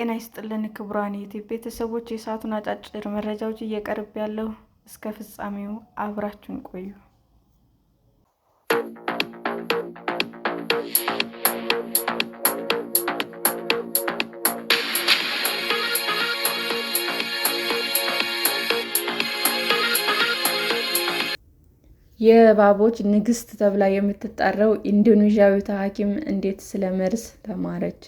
ጤና ይስጥልን ክቡራን ዩቲዩብ ቤተሰቦች፣ የሰዓቱን አጫጭር መረጃዎች እየቀርብ ያለው እስከ ፍጻሜው አብራችን ቆዩ። የእባቦች ንግስት ተብላ የምትጠራው ኢንዶኔዥያዊቷ ሐኪም እንዴት ስለ መርዝ ተማረች?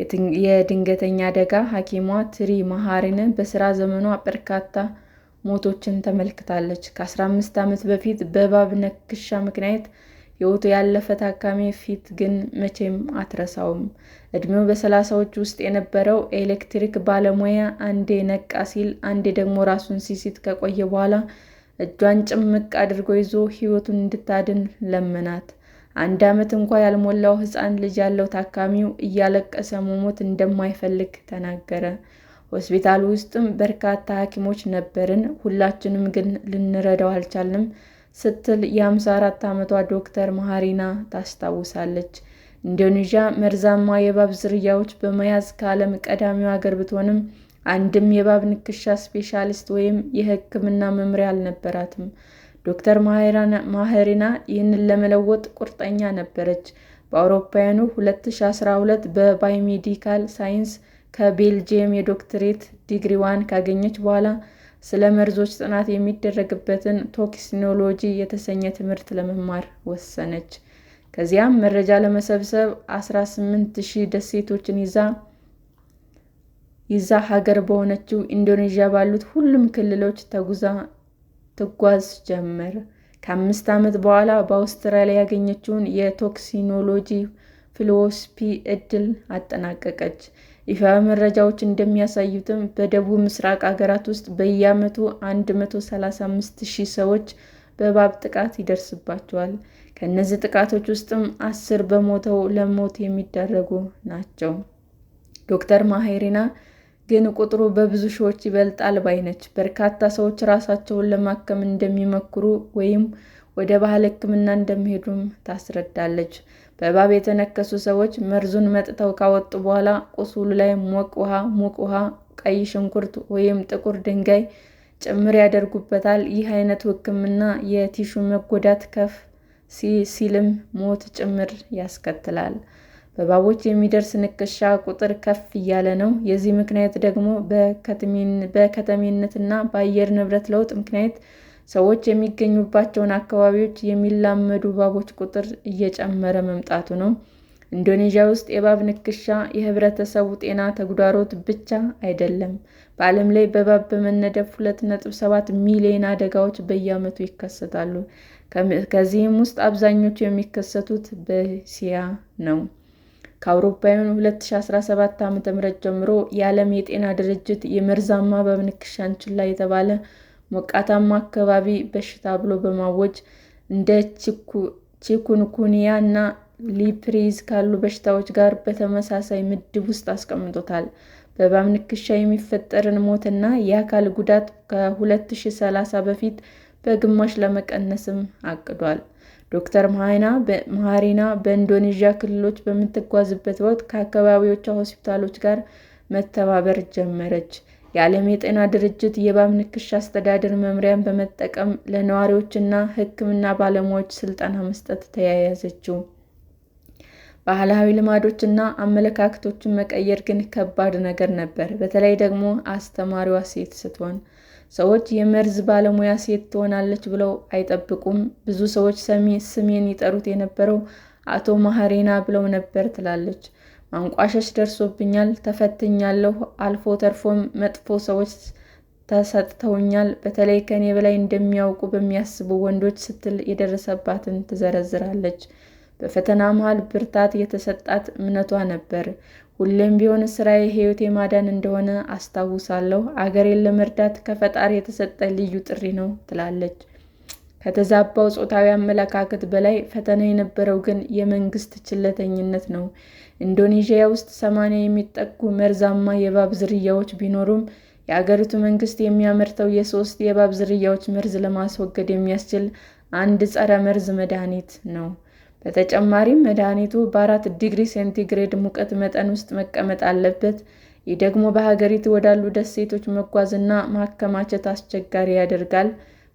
የድንገተኛ አደጋ ሐኪሟ ትሪ መሃሪን በሥራ ዘመኗ በርካታ ሞቶችን ተመልክታለች። ከ15 ዓመት በፊት በእባብ ንክሻ ምክንያት ሕይወቱ ያለፈ ታካሚ ፊት ግን መቼም አትረሳውም። እድሜው በሰላሳዎች ውስጥ የነበረው ኤሌክትሪክ ባለሙያ አንዴ ነቃ ሲል፣ አንዴ ደግሞ ራሱን ሲስት ከቆየ በኋላ እጇን ጭምቅ አድርጎ ይዞ ሕይወቱን እንድታድን ለመናት። አንድ ዓመት እንኳ ያልሞላው ሕፃን ልጅ ያለው ታካሚው እያለቀሰ መሞት እንደማይፈልግ ተናገረ። ሆስፒታል ውስጥም በርካታ ሐኪሞች ነበርን፣ ሁላችንም ግን ልንረዳው አልቻልንም ስትል የ54 ዓመቷ ዶክተር መሀሪና ታስታውሳለች። ኢንዶኔዥያ መርዛማ የእባብ ዝርያዎች በመያዝ ከዓለም ቀዳሚው አገር ብትሆንም አንድም የእባብ ንክሻ ስፔሻሊስት ወይም የሕክምና መምሪያ አልነበራትም። ዶክተር ማሄሪና ይህንን ለመለወጥ ቁርጠኛ ነበረች። በአውሮፓውያኑ 2012 በባዮሜዲካል ሳይንስ ከቤልጅየም የዶክትሬት ዲግሪዋን ካገኘች በኋላ ስለ መርዞች ጥናት የሚደረግበትን ቶክሲኖሎጂ የተሰኘ ትምህርት ለመማር ወሰነች። ከዚያም መረጃ ለመሰብሰብ 18,000 ደሴቶችን ይዛ ሀገር በሆነችው ኢንዶኔዥያ ባሉት ሁሉም ክልሎች ተጉዛ ትጓዝ ጀመር። ከአምስት ዓመት በኋላ በአውስትራሊያ ያገኘችውን የቶክሲኖሎጂ ፊሎሶፊ እድል አጠናቀቀች። ይፋ መረጃዎች እንደሚያሳዩትም በደቡብ ምስራቅ አገራት ውስጥ በየዓመቱ 135,000 ሰዎች በእባብ ጥቃት ይደርስባቸዋል። ከእነዚህ ጥቃቶች ውስጥም አስር በመቶው ለሞት የሚዳረጉ ናቸው። ዶክተር ማሄሪና ግን ቁጥሩ በብዙ ሺዎች ይበልጣል ባይ ነች። በርካታ ሰዎች ራሳቸውን ለማከም እንደሚመክሩ ወይም ወደ ባህል ሕክምና እንደሚሄዱም ታስረዳለች። በእባብ የተነከሱ ሰዎች መርዙን መጥተው ካወጡ በኋላ ቁስሉ ላይ ሞቅ ውሃ ሙቅ ውሃ፣ ቀይ ሽንኩርት ወይም ጥቁር ድንጋይ ጭምር ያደርጉበታል። ይህ አይነቱ ሕክምና የቲሹ መጎዳት ከፍ ሲልም ሞት ጭምር ያስከትላል። በእባቦች የሚደርስ ንክሻ ቁጥር ከፍ እያለ ነው። የዚህ ምክንያት ደግሞ በከተሜነትና በአየር ንብረት ለውጥ ምክንያት ሰዎች የሚገኙባቸውን አካባቢዎች የሚላመዱ እባቦች ቁጥር እየጨመረ መምጣቱ ነው። ኢንዶኔዥያ ውስጥ የእባብ ንክሻ የህብረተሰቡ ጤና ተግዳሮት ብቻ አይደለም፤ በዓለም ላይ በእባብ በመነደፍ ሁለት ነጥብ ሰባት ሚሊዮን አደጋዎች በየዓመቱ ይከሰታሉ። ከዚህም ውስጥ አብዛኞቹ የሚከሰቱት በእስያ ነው። ከአውሮፓውያኑ 2017 ዓ.ም ጀምሮ የዓለም የጤና ድርጅት የመርዛማ እባብ ንክሻን ችላ የተባለ ሞቃታማ አካባቢ በሽታ ብሎ በማወጅ እንደ ቺኩንኩኒያ እና ሊፕሪዝ ካሉ በሽታዎች ጋር በተመሳሳይ ምድብ ውስጥ አስቀምጦታል። በባብንክሻ የሚፈጠርን ሞትና የአካል ጉዳት ከ2030 በፊት በግማሽ ለመቀነስም አቅዷል። ዶክተር መሃሪና በኢንዶኔዥያ ክልሎች በምትጓዝበት ወቅት ከአካባቢዎቿ ሆስፒታሎች ጋር መተባበር ጀመረች። የዓለም የጤና ድርጅት የእባብ ንክሻ አስተዳደር መምሪያን በመጠቀም ለነዋሪዎችና ሕክምና ባለሙያዎች ስልጠና መስጠት ተያያዘችው። ባህላዊ ልማዶችና አመለካከቶችን መቀየር ግን ከባድ ነገር ነበር፣ በተለይ ደግሞ አስተማሪዋ ሴት ስትሆን። ሰዎች የመርዝ ባለሙያ ሴት ትሆናለች ብለው አይጠብቁም። ብዙ ሰዎች ስሜን ይጠሩት የነበረው አቶ ማህሬና ብለው ነበር ትላለች። ማንቋሸሽ ደርሶብኛል፣ ተፈትኛለሁ፣ አልፎ ተርፎም መጥፎ ሰዎች ተሰጥተውኛል፣ በተለይ ከኔ በላይ እንደሚያውቁ በሚያስቡ ወንዶች ስትል የደረሰባትን ትዘረዝራለች። በፈተና መሃል ብርታት የተሰጣት እምነቷ ነበር። ሁሌም ቢሆን ስራዬ ህይወቴ ማዳን እንደሆነ አስታውሳለሁ። አገሬን ለመርዳት ከፈጣሪ የተሰጠ ልዩ ጥሪ ነው ትላለች። ከተዛባው ጾታዊ አመለካከት በላይ ፈተና የነበረው ግን የመንግስት ችለተኝነት ነው። ኢንዶኔዥያ ውስጥ ሰማንያ የሚጠጉ መርዛማ የእባብ ዝርያዎች ቢኖሩም የአገሪቱ መንግስት የሚያመርተው የሶስት የእባብ ዝርያዎች መርዝ ለማስወገድ የሚያስችል አንድ ጸረ መርዝ መድኃኒት ነው። በተጨማሪም መድኃኒቱ በአራት ዲግሪ ሴንቲግሬድ ሙቀት መጠን ውስጥ መቀመጥ አለበት። ይህ ደግሞ በሀገሪቱ ወዳሉ ደሴቶች መጓዝና ማከማቸት አስቸጋሪ ያደርጋል።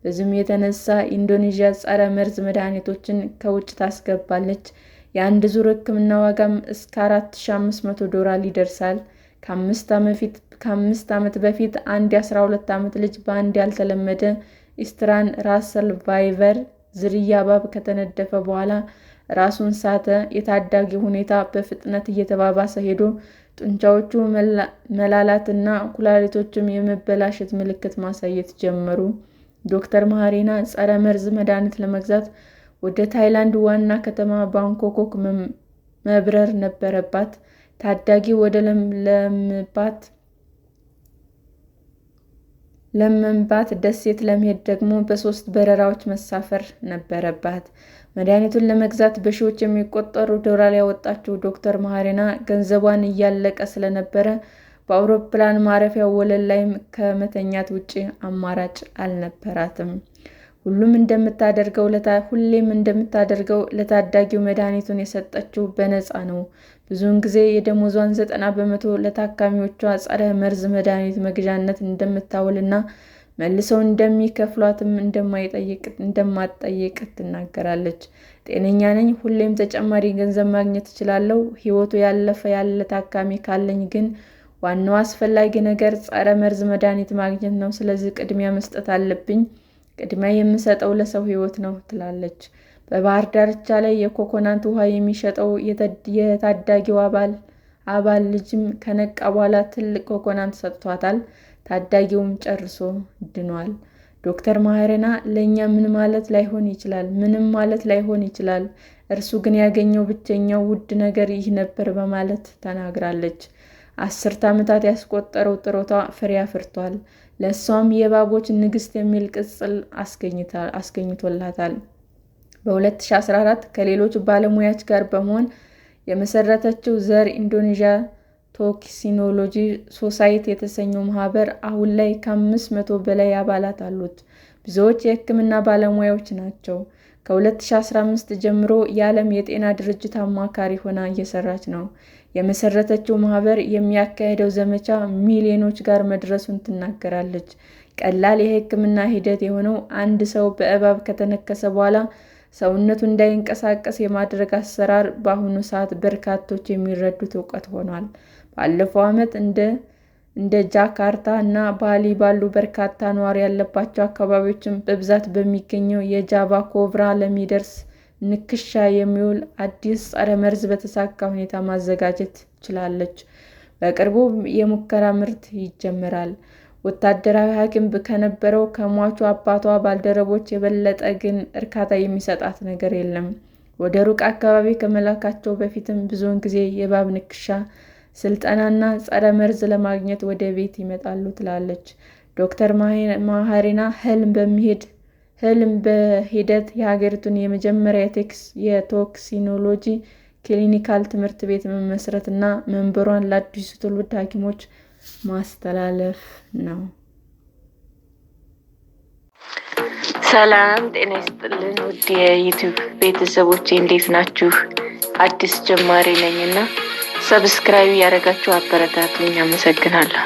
በዚህም የተነሳ ኢንዶኔዥያ ጸረ መርዝ መድኃኒቶችን ከውጭ ታስገባለች። የአንድ ዙር ሕክምና ዋጋም እስከ 4500 ዶላር ይደርሳል። ከአምስት ዓመት በፊት አንድ የ12 ዓመት ልጅ በአንድ ያልተለመደ ኢስትራን ራሰል ቫይቨር ዝርያ እባብ ከተነደፈ በኋላ ራሱን ሳተ። የታዳጊ ሁኔታ በፍጥነት እየተባባሰ ሄዶ ጡንቻዎቹ መላላትና ኩላሊቶችም የመበላሸት ምልክት ማሳየት ጀመሩ። ዶክተር መሃሪና ጸረ መርዝ መድኃኒት ለመግዛት ወደ ታይላንድ ዋና ከተማ ባንኮኮክ መብረር ነበረባት። ታዳጊ ወደ ለምለምባት ለመንባት ደሴት ለመሄድ ደግሞ በሶስት በረራዎች መሳፈር ነበረባት። መድኃኒቱን ለመግዛት በሺዎች የሚቆጠሩ ዶላር ያወጣችው ዶክተር መሃሪና ገንዘቧን እያለቀ ስለነበረ በአውሮፕላን ማረፊያ ወለል ላይ ከመተኛት ውጪ አማራጭ አልነበራትም። ሁሉም እንደምታደርገው ሁሌም እንደምታደርገው ለታዳጊው መድኃኒቱን የሰጠችው በነፃ ነው። ብዙውን ጊዜ የደሞዟን ዘጠና በመቶ ለታካሚዎቿ ጸረ መርዝ መድኃኒት መግዣነት እንደምታውልና መልሰው እንደሚከፍሏትም እንደማትጠይቅ ትናገራለች። ጤነኛ ነኝ፣ ሁሌም ተጨማሪ ገንዘብ ማግኘት እችላለሁ። ህይወቱ ያለፈ ያለ ታካሚ ካለኝ ግን ዋናው አስፈላጊ ነገር ጸረ መርዝ መድኃኒት ማግኘት ነው። ስለዚህ ቅድሚያ መስጠት አለብኝ ቅድሚያ የምሰጠው ለሰው ህይወት ነው ትላለች። በባህር ዳርቻ ላይ የኮኮናት ውሃ የሚሸጠው የታዳጊው አባል ልጅም ከነቃ በኋላ ትልቅ ኮኮናት ሰጥቷታል። ታዳጊውም ጨርሶ ድኗል። ዶክተር ማህረና ለእኛ ምን ማለት ላይሆን ይችላል፣ ምንም ማለት ላይሆን ይችላል፣ እርሱ ግን ያገኘው ብቸኛው ውድ ነገር ይህ ነበር በማለት ተናግራለች። አስርት ዓመታት ያስቆጠረው ጥረቷ ፍሬ አፍርቷል። ለእሷም የእባቦች ንግሥት የሚል ቅጽል አስገኝቶላታል። በ2014 ከሌሎች ባለሙያዎች ጋር በመሆን የመሰረተችው ዘር ኢንዶኔዥያ ቶክሲኖሎጂ ሶሳይቲ የተሰኘው ማህበር አሁን ላይ ከ500 በላይ አባላት አሉት። ብዙዎች የሕክምና ባለሙያዎች ናቸው። ከ2015 ጀምሮ የዓለም የጤና ድርጅት አማካሪ ሆና እየሰራች ነው። የመሰረተችው ማህበር የሚያካሄደው ዘመቻ ሚሊዮኖች ጋር መድረሱን ትናገራለች። ቀላል የሕክምና ሂደት የሆነው አንድ ሰው በእባብ ከተነከሰ በኋላ ሰውነቱ እንዳይንቀሳቀስ የማድረግ አሰራር በአሁኑ ሰዓት በርካቶች የሚረዱት እውቀት ሆኗል። ባለፈው ዓመት እንደ ጃካርታ እና ባሊ ባሉ በርካታ ነዋሪ ያለባቸው አካባቢዎችም በብዛት በሚገኘው የጃቫ ኮብራ ለሚደርስ ንክሻ የሚውል አዲስ ጸረ መርዝ በተሳካ ሁኔታ ማዘጋጀት ችላለች። በቅርቡ የሙከራ ምርት ይጀምራል። ወታደራዊ ሐኪም ከነበረው ከሟቹ አባቷ ባልደረቦች የበለጠ ግን እርካታ የሚሰጣት ነገር የለም። ወደ ሩቅ አካባቢ ከመላካቸው በፊትም ብዙውን ጊዜ የእባብ ንክሻ ስልጠናና ጸረ መርዝ ለማግኘት ወደ ቤት ይመጣሉ ትላለች ዶክተር ማሃሪና። ህልም በሚሄድ ህልም በሂደት የሀገሪቱን የመጀመሪያ የቶክሲኖሎጂ ክሊኒካል ትምህርት ቤት መመስረት እና መንበሯን ለአዲሱ ትውልድ ሐኪሞች ማስተላለፍ ነው። ሰላም ጤና ይስጥልን ውድ የዩቲዩብ ቤተሰቦች እንዴት ናችሁ? አዲስ ጀማሪ ነኝ እና ሰብስክራይብ ያደረጋችሁ አበረታቱኝ። አመሰግናለሁ።